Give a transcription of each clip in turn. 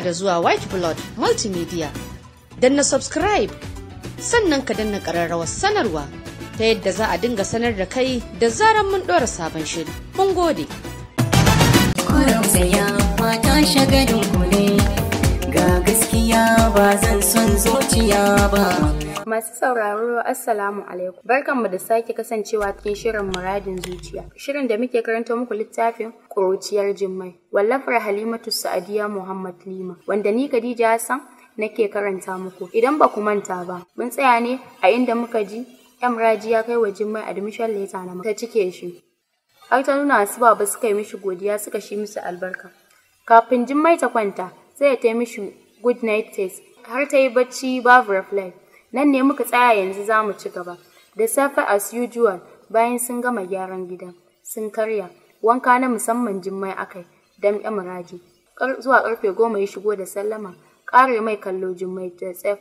da zuwa white blood multimedia na subscribe sannan ka danna ƙararrawar sanarwa ta yadda za a dinga sanar da kai da zarar mun ɗora sabon shiri mun gode ga gaskiya ba zan son zuciya ba Masu sauraro Assalamu alaikum. Barkan mu da sake kasancewa cikin shirin muradin zuciya. Shirin da muke karanta muku littafin kuruciyar Jimmai. Wallafar Halimatu Sa'adiya Muhammad Lima. Wanda ni Khadija Hassan nake karanta muku. Idan ba ku manta ba, mun tsaya ne a inda muka ji Yan Raji ya kai wa Jimmai admission letter na ta cike shi. Har ta nuna su baba suka yi mishi godiya suka shi musu albarka. Kafin Jimmai ta kwanta, sai ta yi mishi good night test har ta yi bacci babu reflect. Nan ne muka tsaya yanzu za mu ci gaba. Da safe as usual bayan sun gama gyaran gidan, sun karya, wanka na musamman jimmai akai, dam muraji. Zuwa karfe goma ya shigo da sallama, kare mai kallo jimmai da tsef,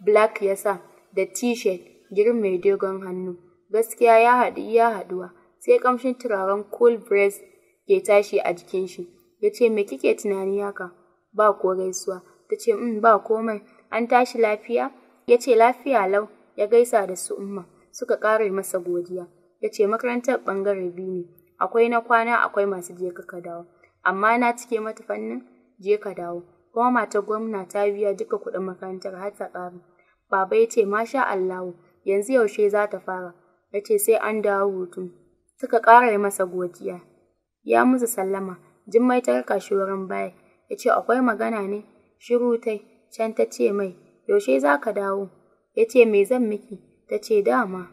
black yasa sa, da t-shirt, girin mai dogon hannu. Gaskiya ya haɗu ya haɗuwa, sai kamshin turaren cool breeze ke tashi a jikin shi. Ya ce, me kike tunani haka? Ba ko gaisuwa. Ta ce, mm, ba komai, an tashi lafiya? ya ce lafiya lau ya gaisa da su umma suka ƙare masa godiya ya ce makarantar ɓangare biyu ne akwai na kwana akwai masu je ka dawo amma na cike mata fannin je ka dawo kuma matar gwamna ta biya duka kuɗin makarantar har ta ƙara. baba ya ce masha Allahu yanzu yaushe za ta fara ya ce sai an dawo hutu suka ƙara masa godiya ya musu sallama jimmai ta raka shi wurin baya ya ce akwai magana ne shiru tai can ta ce mai yaushe za ka dawo? Ya ce, me zan miki? Ta ce, dama.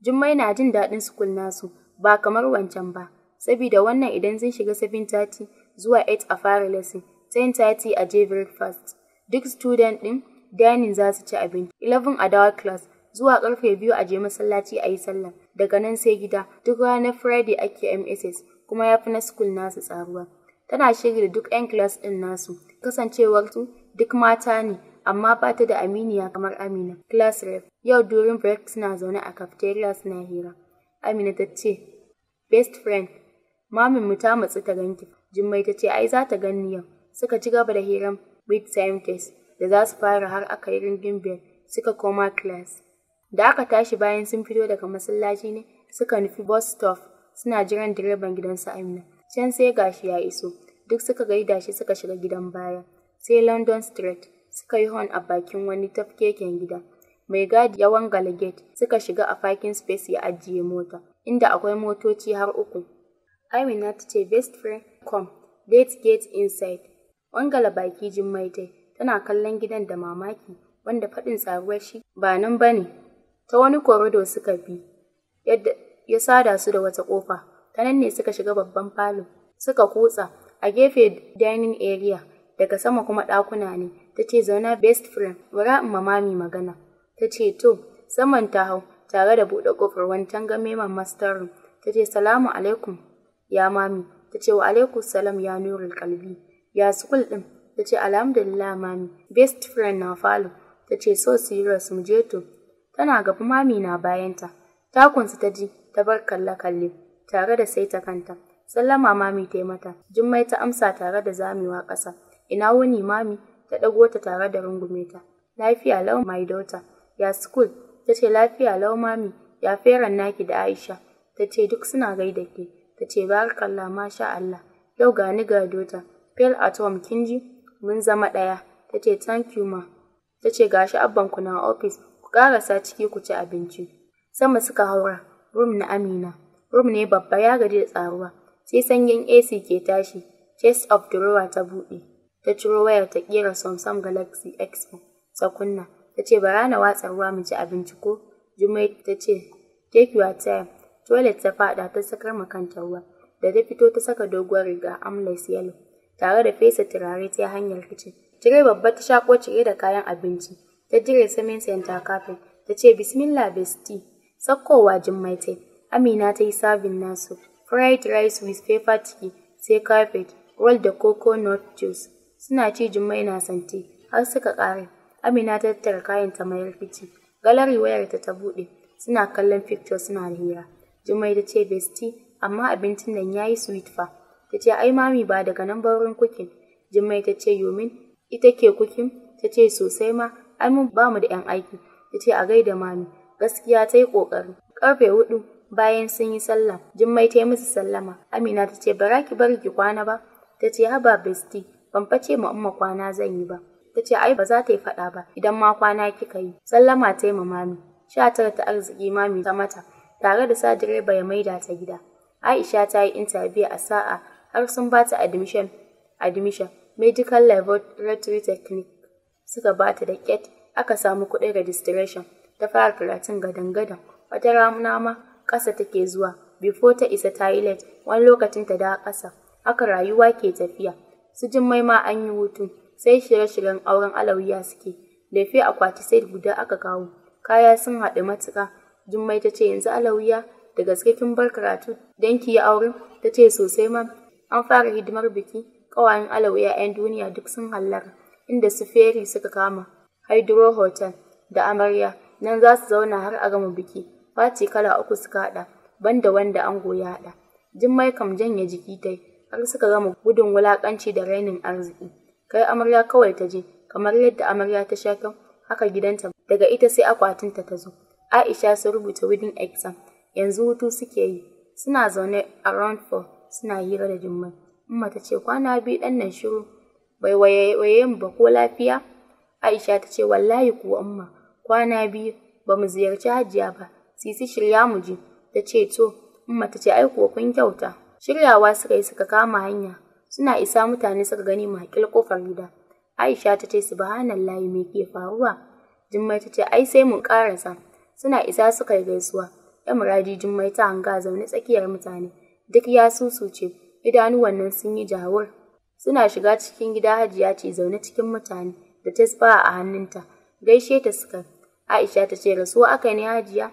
Jummai na jin daɗin sukul nasu, ba kamar wancan ba, saboda wannan idan zan shiga 7:30 zuwa 8 a fara lesson, 10:30 a je breakfast. Duk student ɗin dining za su ci abinci. 11 a dawa class, zuwa karfe biyu a je masallaci a yi sallah daga nan sai gida duk ranar friday ake mss kuma ya fi na sukul nasu tsaruwa tana shirya duk 'yan class ɗin nasu kasancewar su duk mata ne amma ba ta da aminiya kamar Amina. Class rep, yau durin break suna zaune a cafeteria suna hira. Amina ta ce, Best friend, mamin mu ta matsi ta ganki. Jummai ta ce, ai za ta ganni yau. Suka ci gaba da hiran mid-time test da za su fara har aka yi ringin bell suka koma class. Da aka tashi bayan sun fito daga masallaci ne suka nufi bus stop suna jiran direban gidansu Amina. Can sai gashi ya iso, duk suka gaida shi suka shiga gidan baya. Sai London Street, suka yi hon a bakin wani tafkeken gida. Mai gadi ya wangala gate suka shiga a parking space ya ajiye mota, inda akwai motoci har uku. Amina ta ce best friend come, let's get inside. Wangala baki jin maitai, tana kallon gidan da mamaki wanda faɗin tsaruwar shi ba nan ba ne. Ta wani korido suka bi, yadda ya sada su da wata ƙofa, ta nan ne suka shiga babban falo, suka kutsa a gefe dining area daga sama kuma ɗakuna ne ta ce zauna best friend wara in mami magana ta ce to saman ta hau tare da buɗe ƙofar wani tanga maiman master room ta ce salamu alaikum ya mami ta ce wa alaikum salam ya nurul kalbi ya sukul ɗin ta ce alhamdulillah mami best friend na falo ta ce so serious mu je to tana gaba mami na bayanta takunsu ta ji ta bar kalle-kalle tare da sai ta kanta sallama mami ta mata jummai ta amsa tare da zamewa ƙasa ina wani mami ta ɗago ta tare da rungume ta. Lafiya lau my daughter, ya school, ta ce lafiya lau mami, ya feran naki da Aisha, ta ce duk suna gaida ke, ta ce barakallah masha Allah, yau gani ga dota, fail at home kin ji, mun zama ɗaya, ta ce thank you ma, ta ce gashi abban ku na office, ku karasa ciki ku ci abinci. Sama suka haura, room na Amina, room ne babba ya gaji da tsaruwa, sai sanyin AC ke tashi, chest of drawer ta buɗe. ta ciro wayar ta kera Samsung Galaxy X ta kunna ta ce ba watsa ruwa mu ci abinci ko Jummai ta ce take your time toilet ta fada ta sakar makanta ruwa da ta fito ta saka doguwar riga amless yellow tare da fesa turare ta hanyar kicin cire babba ta shako cire da kayan abinci ta jire samin senta kafin ta ce bismillah besti sakkowa Jummai ta amina ta yi sabin nasu fried rice with pepper tea sai carpet roll da coconut juice Suna ce Jummai na sante har suka kare. Amina ta tattara kayan ta mayar Galari wayarta ta buɗe. Suna kallon picture suna hira. Jummai ta ce besti amma abincin nan yayi sweet fa. Ta ce ai mami ba daga nan wurin kukin. Jummai ta ce yomin ita ke kukin ta ce sosai ma ai mun ba mu da yan aiki. Ta ce a gaida mami gaskiya ta yi ƙoƙari. Karfe hudu bayan sun yi sallah Jummai ta yi musu sallama. Amina ta ce bara ki bari ki kwana ba. Ta ce haba besti ban face ma umma kwana zan yi ba ta ce ai ba za ta yi faɗa ba idan ma kwana kika yi sallama ta yi ma mami sha tara ta arziki mami ta mata tare da sa direba ya maida ta gida aisha ta yi intabiya a sa'a har sun ba ta admission admission medical laboratory technique suka ba ta da ket aka samu kuɗin registration ta fara karatun gadan-gadan wata ramuna ma ƙasa take zuwa before ta isa toilet wani lokacin ta da ƙasa haka rayuwa ke tafiya su mai ma an yi hutu sai shirye-shiryen auren alawiya suke lefe akwati sai guda aka kawo kaya sun haɗu matuka jummai ta ce yanzu alawiya da gaske kin bar karatu don ki yi auren ta ce sosai ma an fara hidimar biki ƙawayen alawiya 'yan duniya duk sun hallara inda su feri suka kama hydro hotel da amarya nan za su zauna har a gama biki Fati kala uku suka haɗa banda wanda an ya haɗa Jummai kam janye jiki tai har suka gama gudun wulakanci da rainin arziki kai amarya kawai ta je kamar yadda amarya ta sha kan haka gidanta daga ita sai akwatinta ta zo aisha sun rubuta wedding exam yanzu hutu suke yi suna zaune a round four suna hira da jummai umma ta ce kwana biyu dan nan shiru bai waye mu ba ko lafiya aisha ta ce wallahi kuwa umma kwana biyu ba mu ziyarci hajiya ba sisi shirya mu je ta ce to umma ta ce ai kuwa kun kyauta Shiryawa suka yi suka kama hanya, suna isa mutane suka gani maƙil kofar gida. Aisha ta ce subhanallah me ke faruwa? Jummai ta ce ai sai mun ƙarasa. Suna isa suka yi gaisuwa. muradi Jummai ta hanga zaune tsakiyar mutane. Duk ya susuce, idanu wannan sun yi jawur. Suna shiga cikin gida Hajiya ce zaune cikin mutane da tasfa a hannunta. Gaishe ta suka. Aisha ta ce rasuwa aka ne Hajiya?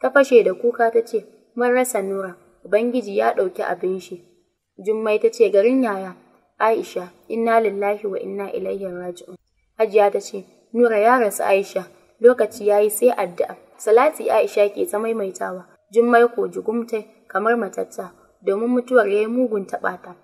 Ta fashe da kuka ta ce mun rasa Nura. Ubangiji ya ɗauki abin shi. Jummai ta ce garin yaya, Aisha, inna lillahi wa inna ilaihi raji'un. Hajiya ta ce, Nura ya rasu Aisha, lokaci ya yi sai addu'a. Salati Aisha ke ta maimaitawa, Jummai ko jugumtai kamar matatta, domin mutuwar ya yi mugun taɓata.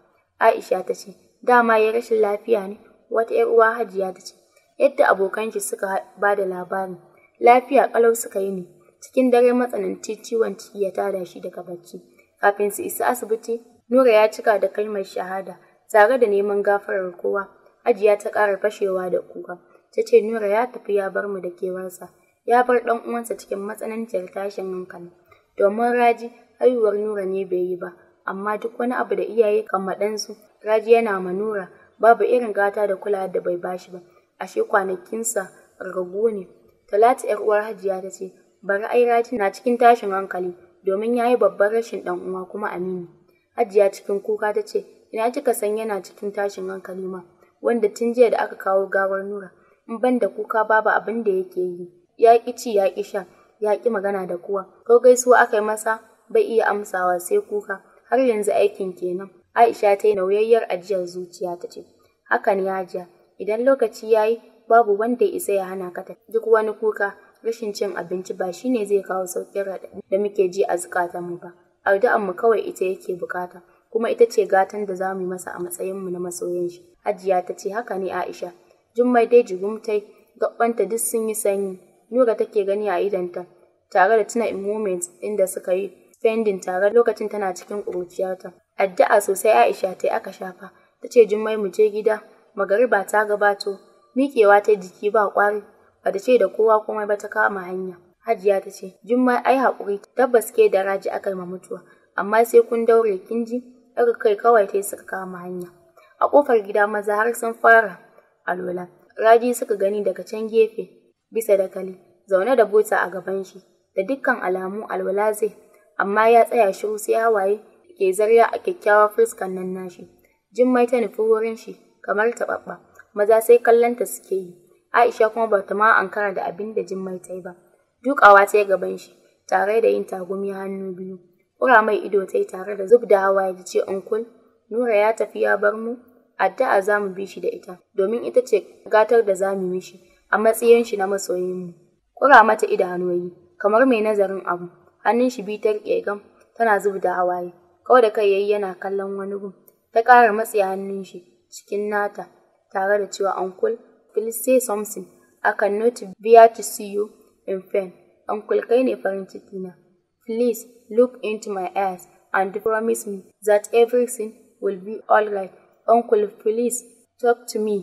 Aisha ta ce, dama ya rashin lafiya ne, wata ‘yar uwa Hajiya ta ce, yadda abokan shi suka ba da labari lafiya ƙalau suka yi ne, cikin dare matsananci ciwon ciki ya tada shi daga bacci. Kafin su isa asibiti, Nura ya cika da kalmar shahada, tare da neman gafarar kowa. Hajiya ta ƙara fashewa da kuka. Ta ce Nura ya tafi ya bar mu da kewarsa. Ya bar ɗan uwansa cikin matsananciyar tashin hankali. Domin Raji, haihuwar Nura ne bai yi ba, amma duk wani abu da iyaye kan ɗansu Raji yana ma Nura babu irin gata da kula da bai bashi ba. Ashe kwanakinsa ragu ne. Talatu ‘yar uwar Hajiya ta ce, bari ai Raji na cikin tashin hankali. domin ya yi babban rashin ɗan uwa kuma Aminu. Hajiya cikin kuka ta ce, ina kika san yana cikin tashin hankali ma, wanda tun jiya da aka kawo gawar Nura, in ban da kuka babu abin da yake yi. Ya ki ci ya ki sha, ya ki magana da kowa. Ko gaisuwa aka yi masa bai iya amsawa sai kuka, har yanzu aikin kenan. Aisha ta yi nauyayyar ajiyar zuciya ta ce, hakan ya ja, idan lokaci ya yi babu wanda ya isa ya hana ka duk wani kuka rashin cin abinci ba shi ne zai kawo sauƙin raɗaɗi da muke ji a mu ba. Addu'ar mu kawai ita yake bukata, kuma ita ce gatan da za mu yi masa a matsayinmu na masoyin shi. Hajiya ta ce haka ne Aisha. Jummai dai jigumtai, gabbanta duk sun yi sanyi. Nura take gani a idanta, tare da tuna in moment inda suka yi fendin tare lokacin tana cikin ƙuruciyarta. Addu'a sosai Aisha ta aka shafa, ta ce Jummai mu je gida, magariba ta gabato, miƙewa ta jiki ba ƙwari, ba ta ce da kowa komai ba ta kama hanya. Hajiya ta ce, Jummai ai haƙuri tabbas ke da raji aka ma mutuwa, amma sai kun daure kin ji, ɗaga kai kawai ta suka kama hanya. A ƙofar gida maza har sun fara alola. Raji suka gani daga can gefe bisa da kali zaune da bota a gaban shi, da dukkan alamu alwala zai, amma ya tsaya shiru sai hawaye ke zarya a kyakkyawar fuskan nan nashi. Jummai ta nufi wurin shi kamar taɓaɓɓa, maza sai kallonta suke yi. Aisha kuma ba ta ma ankara da abin da Jummai ta yi ba. Dukawa ta yi gaban shi, tare da yin tagumi hannu biyu. Ƙura mai ido ta yi tare da zub da hawaye ta ce, unkul, Nura ya tafi ya bar mu, addu'a za mu bi shi da ita, domin ita ce gatar da za mu yi shi. a matsayin shi na masoyin mu Ƙura mata idanuwayi, kamar mai nazarin abu, hannun shi bitar ƙegam, tana zub da hawaye. Kawai da kai yayi yana kallon wani gun, ta ƙara matse hannun shi cikin nata, tare da cewa, Uncle, will say something. I cannot bear to see you in pain. Uncle kai ne farin ciki na. Please look into my eyes and promise me that everything will be alright. Uncle, please talk to me.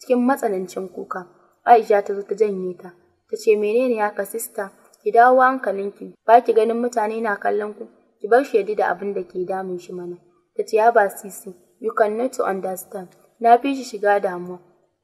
Cikin matsanancin kuka, Aisha ta zo ta janye ta. Ta ce menene haka sista? Ki dawo hankalinki. Ba ki ganin mutane na kallon ku. Ki bar shi da abin da ke damun shi mana. Ta ce ya ba sisi. You cannot understand. Na fi shi shiga damuwa.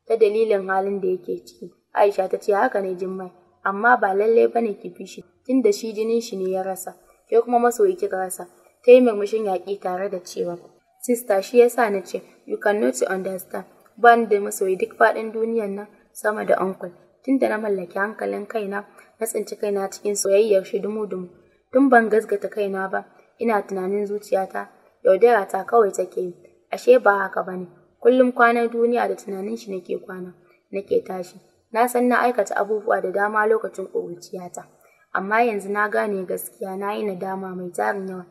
ta dalilin halin da yake ciki. Aisha ta ce haka ne Jummai, amma ba lalle ne, ki fi shi, da shi jinin shi ne ya rasa, ke kuma masoyi kika rasa. Ta yi murmushin yaƙi tare da cewa, Sista shi ya sa na ce, you cannot understand, ban da masoyi duk faɗin duniyan nan sama da uncle. Tunda na mallaki hankalin kaina, na tsinci kaina cikin soyayyar shi dumu-dumu. Tun ban gasgata kaina ba, ina tunanin zuciyata, yaudara ta kawai take yi, ashe ba haka ba ne. Kullum kwana duniya da tunanin shi nake kwana, nake tashi. Na san na aikata abubuwa da dama lokacin ƙuruciyata, amma yanzu na gane gaskiya na yi nadama mai tarin yawa.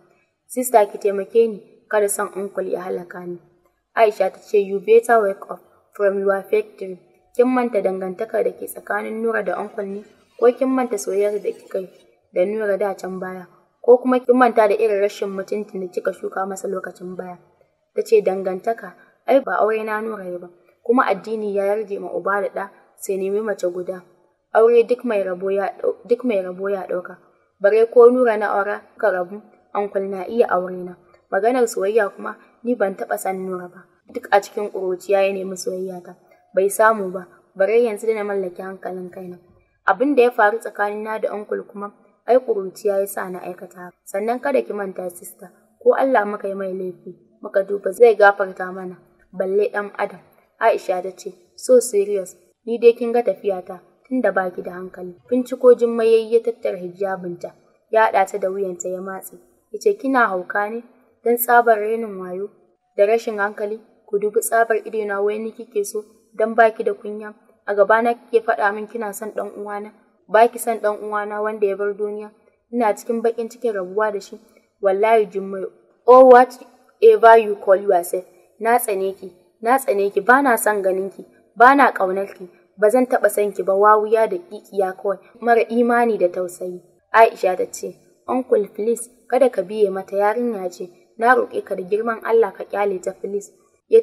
Sista ki taimake ni, kada son uncle ya halaka ni. Aisha ta ce you better wake up from your factory. Kin manta dangantakar da ke tsakanin Nura da uncle ne, ko kin manta soyayyar da kika yi da Nura da can baya, ko kuma kin manta da irin rashin mutuncin da kika shuka masa lokacin baya. Ta ce dangantaka ai ba aure na nura ba kuma addini ya yarge ma uba da ɗa sai nemi mace guda aure duk mai rabo ya ɗauka bare ko nura na aura ka rabu ankul na iya aure na maganar soyayya kuma ni ban taɓa san nura ba duk a cikin ƙuruciya ya nemi soyayya ta bai samu ba bare yanzu da na mallaki hankalin kaina abin da ya faru tsakanin na da ankul kuma ai ƙuruciya ya sa na aikata sannan kada ki manta sista ko Allah muka yi mai laifi muka duba zai gafarta mana balle ɗan adam aisha ta ce so serious ni dai kin ga tafiyata tunda baki da hankali binciko jimmai ya tattara hijabinta ya haɗa ta da wuyanta ya matse ya ce kina hauka ne don tsabar renin wayo da rashin hankali ku dubi tsabar idona ni kike so don baki da kunya a gabana kike faɗa min kina son ɗan uwana baki son ɗan uwana wanda ya bar duniya ina cikin baƙin cikin rabuwa da shi wallahi jummai oh what ever you call yourself na tsane ki na tsane ki bana son ganin ki Ba na ƙaunar ki ba zan taɓa son ki ba wawuya da ƙiƙiya kawai mara imani da tausayi Aisha ta ce uncle please kada ka biye mata yarinya ce na roƙe ka da girman Allah ka kyale ta please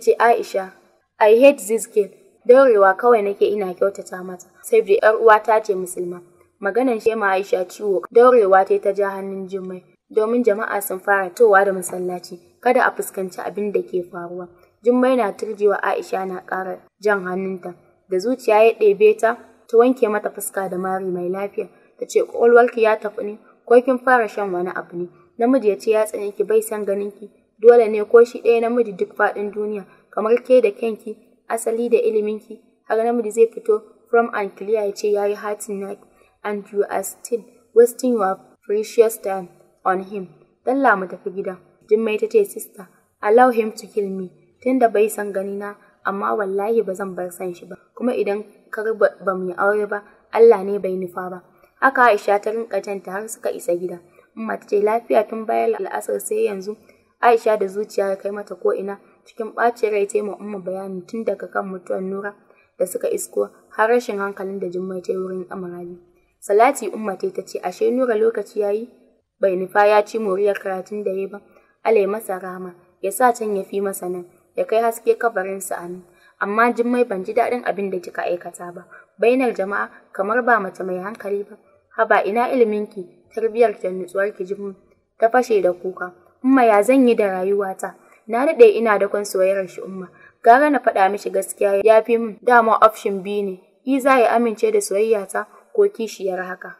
ce Aisha I hate this girl daurewa kawai nake ina kyautata mata sai da yar uwa ta ce musulma maganan ma Aisha ciwo daurewa ta ta ja hannun Jummai domin jama'a sun fara towa da masallaci kada a fuskanci abin da ke faruwa. Jummai na turjewa Aisha na ƙara jan hannunta, da zuciya ya ɗebe ta, ta wanke mata fuska da mari mai lafiya, ta ce ƙwaƙwalwarki ya tafi ne, ko kin fara shan wani abu ne, namiji ya ce ya tsane ki bai san ganin ki, dole ne ko shi ɗaya namiji duk faɗin duniya, kamar ke da kyanki, asali da iliminki, har namiji zai fito from and clear ya ce ya yi hatin na and you are still wasting your precious time on him. Dalla mu tafi gida. Jummai ta ce, Sista, allow him to kill me, tunda bai san na amma wallahi ba zan bar san shi ba, kuma idan kar ba mu aure ba, Allah ne bai nufa ba. Haka Aisha ta rinka canta har suka isa gida. Umma ta ce lafiya tun bayan al'asar sai yanzu. Aisha da zuciya ya kai mata ko'ina, cikin ɓacin rai ta ma Umma bayani tun daga kan mutuwar Nura da suka isko har rashin hankalin da Jummai ta yi wurin Amarabi. Salati Umma ta ce ashe Nura lokaci yi, bai nufa ya ci moriyar karatun da ya ba ale masa rama ya sa can ya fi masa nan ya kai haske kabarinsa nan amma jimmai ban ji daɗin abin da kika aikata ba bainar jama'a kamar ba mace mai hankali ba haba ina iliminki tarbiyar da nutsuwarki jimmi ta fashe da kuka umma ya zan yi da rayuwata na daɗe ina da kwan soyayyar shi umma gara na faɗa mishi gaskiya ya fi min dama option biyu ne za ya amince da soyayyata ko kishiyar haka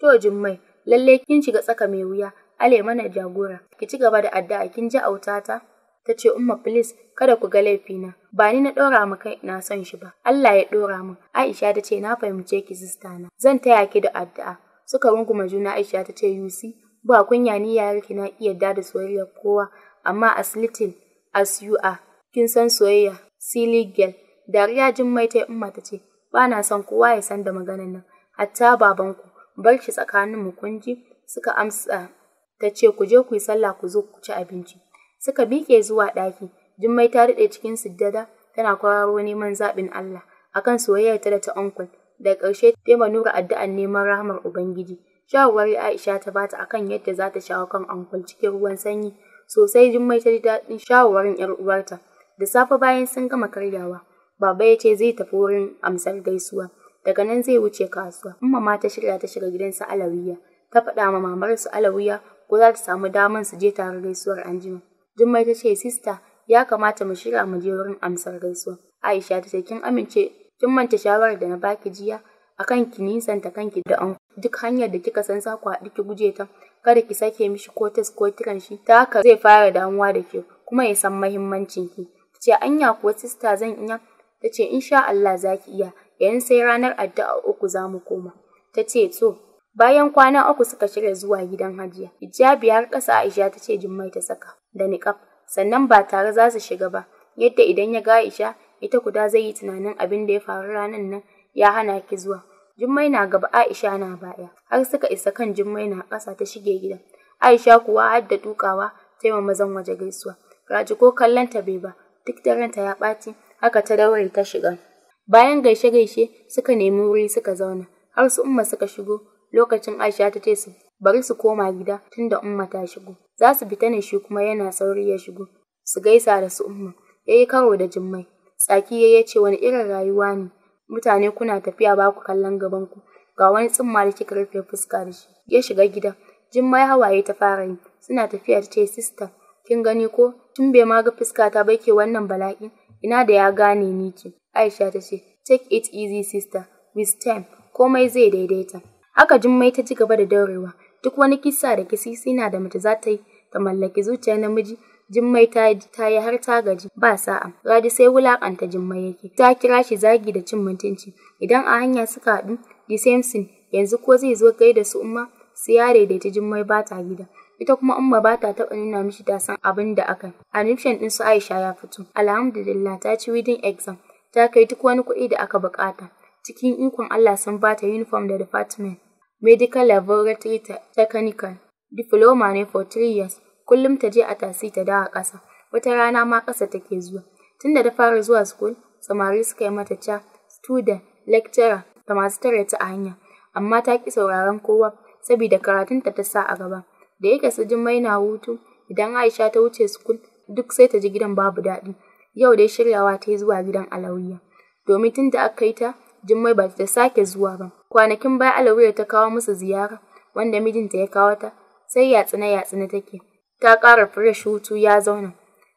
to jummai lalle kin shiga tsaka mai wuya ale mana jagora ki ci gaba da addu'a kin ji autata ta ce umma please kada ku ga laifina ba ni na ɗora mu kai na son shi ba Allah ya ɗora min Aisha ta ce na fahimce ki sista na zan taya ki da addu'a suka runguma juna Aisha ta ce yusi ba kunya ni ya ki na iya da da soyayya kowa amma as little as you are kin san soyayya silly girl dariya jin mai ta umma ta ce ba na son kowa ya san da maganan nan hatta babanku bar shi tsakanin mu ji suka amsa ta ce ku je ku yi sallah ku zo ku ci abinci suka miƙe zuwa ɗaki jummai ta riɗe cikin siddada tana kwararo neman zaɓin Allah akan soyayya ta da ta onkul da ƙarshe ta ma nura addu'an neman rahmar ubangiji shawarwari Aisha ta bata akan yadda za ta shawo kan onkul cikin ruwan sanyi sosai jummai ta ji daɗin shawarwarin 'yar uwarta da safe bayan sun gama karyawa baba ya ce zai tafi wurin amsar gaisuwa daga nan zai wuce kasuwa umma ma ta shirya ta shiga gidansa alawiya ta faɗa ma mamar su alawiya ko za ta samu daman su je tare gaisuwar anjima. Jummai ta ce sista ya kamata mu shirya mu je wurin amsar gaisuwa. Aisha ta ce kin amince kin manta shawarar da na baki jiya A kan ki nisanta kanki da an duk hanyar da kika san za ku haɗu ki guje ta kada ki sake mishi ko tes ko kiran shi ta haka zai fara damuwa da ke kuma ya san mahimmancin ki. Ta ce anya kuwa sista zan iya ta ce insha Allah za ki iya yayin sai ranar addu'a uku za mu koma. Ta ce to Bayan kwana uku suka shirya zuwa gidan Hajiya. Hijabi har ƙasa Aisha ta ce Jummai ta saka da niƙaf. Sannan ba tare za su shiga ba. Yadda idan ya ga Aisha, ita kuda zai yi tunanin abin da ya faru ranar nan ya hana ki zuwa. Jummai na gaba Aisha na baya. Har suka isa kan Jummai na ƙasa ta shige gidan. Aisha kuwa har da dukawa ta yi wa mazan waje gaisuwa. Raji ko kallon ta bai ba. Duk da ranta ya ɓaci, haka ta daure ta shiga. Bayan gaishe-gaishe suka nemi wuri suka zauna. Har su umma suka shigo lokacin Aisha ta ce su bari su koma gida tun da Umma ta shigo. Za su fita ne shi kuma yana sauri ya shigo. Su gaisa da su Umma. Ya yi karo da Jummai. Tsaki ya ce wani irin rayuwa ne. Mutane kuna tafiya ba ku kallon gabanku. Ga wani tsumma da kika rufe fuska da shi. Ya shiga gida. Jummai hawaye ta fara yi. Suna tafiya ta ce sista. Kin gani ko? Tun bai ma ga fuska ta ke wannan bala'i. Ina da ya gane ni ce. Aisha ta ce, Take it easy sister, with time, komai zai daidaita. Aka jummai ta ci gaba da daurewa. Duk wani kisa da kisisina da mace za ta yi ta mallaki zuciya namiji Jummai ta ta yi har ta gaji ba sa'a. Radi sai wulakanta Jummai yake. Ta kira shi zagi da cin mutunci. Idan a hanya suka haɗu, di samson yanzu ko zai zo da su umma su ya daidaita Jummai ba ta gida. ita kuma umma ba ta taɓa nuna mishi ta san abin da aka nufin ɗin su Aisha ya fito alhamdulillah ta ci "wedding exam ta kai duk wani kuɗi da aka buƙata cikin ikon Allah sun bata ta uniform da department Medical Laboratory Technical, Diploma ne for three years, kullum ta je a tasi ta dawa ƙasa, wata rana ma ƙasa take zuwa. Tunda da fara zuwa school, samari suka yi mata ca, student, lecturer, da masu tare ta a hanya, amma ta ƙi sauraron kowa, saboda karatunta ta sa a gaba. Da yake su Jummai na hutu, idan Aisha ta wuce school, duk sai ta ji gidan babu daɗi. Yau dai shiryawa ta yi zuwa gidan Alawiya. Domin tun da aka yi ta, Jummai ba ta sake zuwa ba. Kwanakin baya Alawiya ta kawo musu ziyara, wanda mijinta ya kawo ta, sai yatsine-yatsine take, ta ƙara fresh hutu ya zauna.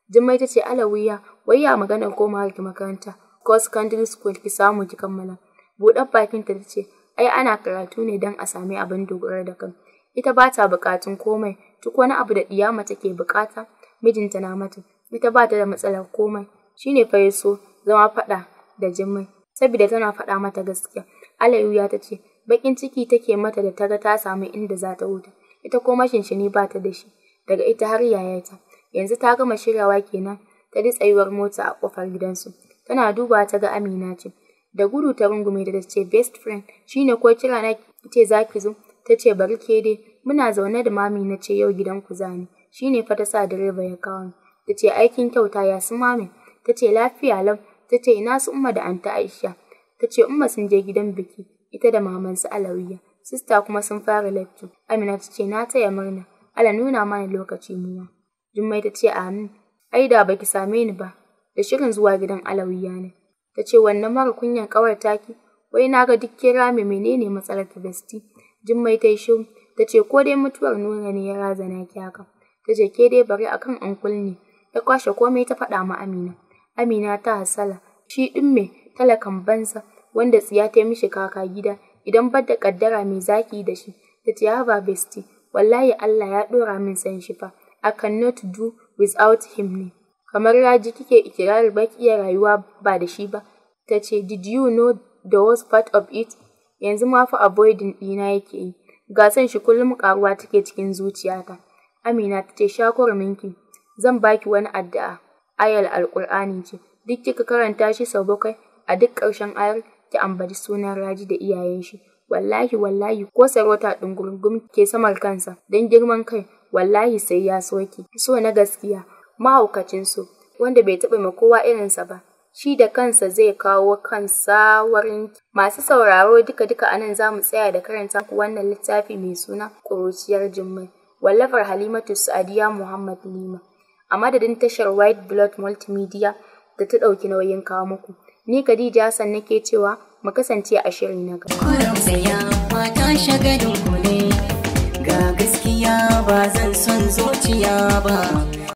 Jummai ta ce Alawiya, wai ya maganar ma ki makaranta, ko secondary school ki samu ki kammala. Buɗar bakinta ta ce, ai ana karatu ne don a sami abin dogara da kai. Ita ba ta buƙatun komai, duk wani abu da ɗiyama take buƙata, mijinta na mata. Ita ba ta da matsalar komai, shine fa zama faɗa da Jummai, saboda tana faɗa mata gaskiya. Alayuya ta ce, bakin ciki take mata da ta ga ta samu inda za ta huta, ita ko mashinshini ba ta da shi, daga ita har yaya yayata. Yanzu ta gama shiryawa kenan, ta ji tsayuwar mota a ƙofar gidansu. Tana duba ta ga Amina ce, da gudu ta rungume da ta ce best friend Shi ne ko kira na ce za ki zo ta ce bari ke dai muna zaune da mami na ce yau gidan ku zani shine fa ta sa direba ya kawo ta ce aikin kyauta ya su mami ta ce lafiya lau ta ce ina su umma da anta aisha Ta ce Umma sun je gidan biki, ita da mamansu Alawiya. Sista kuma sun fara lecture. Amina ta ce na taya murna. Ala nuna mana lokaci muwa. Jummai ta ce amin. Ai da baki same ni ba. Da shirin zuwa gidan Alawiya ne. Ta ce wannan mara kunyan kawar taki. Wai na ga duk kira me menene matsalar ta besti. Jummai ta yi shiru. Ta ce ko dai mutuwar nuna ne ya razana ki haka. Ta ce ke dai bari akan ankul ne. Ta kwashe komai ta faɗa ma Amina. Amina ta hasala. Shi ɗin me talakan banza. wanda tsiya ta mishi kaka gida idan ba da kaddara mai zaki da shi ta ce besti wallahi Allah ya dora min san shi fa I cannot do without him ne kamar ya ji kike ikirar baki iya rayuwa ba da shi ba ta ce did you know the worst part of it yanzu ma fa avoiding ɗina yake yi ga san shi kullum karuwa take cikin zuciyata Amina ta ce minki." zan baki wani addu'a ayal alkur'ani ce duk kika karanta shi sau bakwai a duk ƙarshen ayar ki ambaci sunan Raji da iyayen shi. Wallahi wallahi ko wata dungurgum ke samar kansa don girman kai wallahi sai ya soke. So na gaskiya mahaukacin so wanda bai taɓa ma kowa irinsa ba. Shi da kansa zai kawo kansa wurin masu sauraro duka-duka anan za mu tsaya da karanta wannan littafi mai suna ƙuruciyar Jummai. wallafar Halimatu Sa'adiya Muhammad Lima a madadin tashar White Blood Multimedia da ta ɗauki nauyin kawo muku. Ni Khadija Hassan nake cewa mu kasance a shiri na gaba. mata shagadin ku ga gaskiya ba zan son zuciya ba.